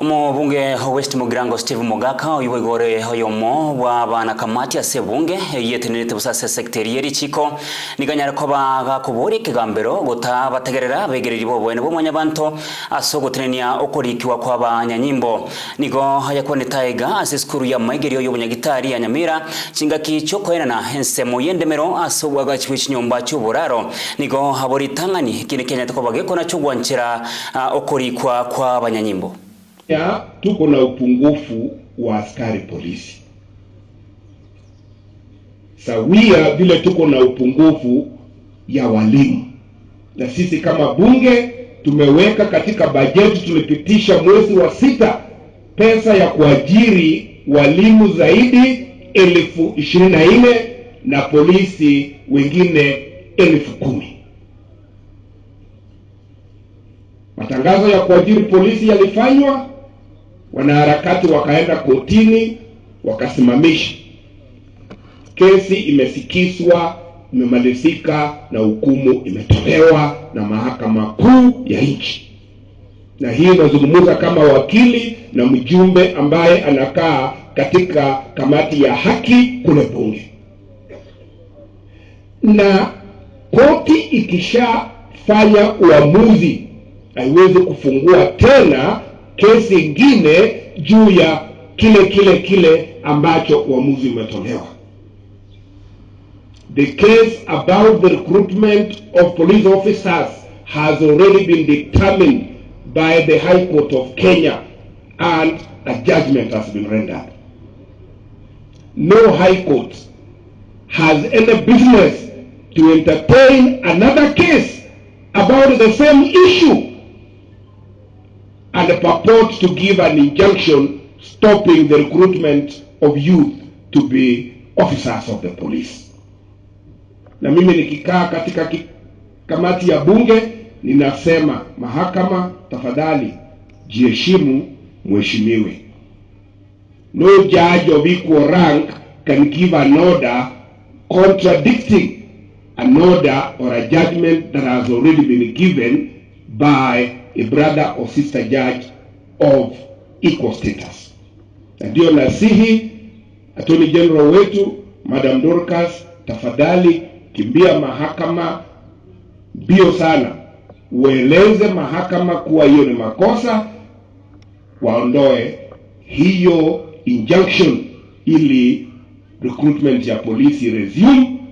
omubunge west mugirango steve mogaka oyo igore oyomo bana kamati ase bunge yetenerete busa ase secretary erichiko niganyara ko bagakobora ekigambero gota bategerera begereri bo bomwanya banto ase ogotenenia okorikiwa kwa banyanyimbo nigo yakwonetaiga ase esukuru ya maigeri yo bunya gitari ya nyamira chinga chingaki chokoenana ensemo yendemero ase obwagachi bwechinyomba choboraro nigo kine kenya kenyete ko bagekona chugwanchira okorikwa kwa banyanyimbo ya tuko na upungufu wa askari polisi sawia vile tuko na upungufu ya walimu, na sisi kama bunge tumeweka katika bajeti, tulipitisha mwezi wa sita pesa ya kuajiri walimu zaidi elfu ishirini na nne na polisi wengine elfu kumi. Matangazo ya kuajiri polisi yalifanywa Wanaharakati wakaenda kotini, wakasimamisha kesi. Imesikizwa, imemalizika na hukumu imetolewa na mahakama kuu ya nchi. Na hii inazungumza kama wakili na mjumbe ambaye anakaa katika kamati ya haki kule bunge. Na koti ikishafanya uamuzi haiwezi kufungua tena kesi ingine juu ya kile kile kile ambacho uamuzi umetolewa. The case about the recruitment of police officers has already been determined by the High Court of Kenya and a judgment has been rendered. No High Court has any business to entertain another case about the same issue and purport to give an injunction stopping the recruitment of youth to be officers of the police. Na mimi nikikaa katika kamati ya bunge ninasema, mahakama, tafadhali jiheshimu mheshimiwe. No judge of equal rank can give an order contradicting an order or a judgment that has already been given by a brother or sister judge of equal status. Na ndiyo nasihi Attorney General wetu Madam Dorcas, tafadhali kimbia mahakama mbio sana, ueleze mahakama kuwa hiyo ni makosa, waondoe hiyo injunction ili recruitment ya polisi resume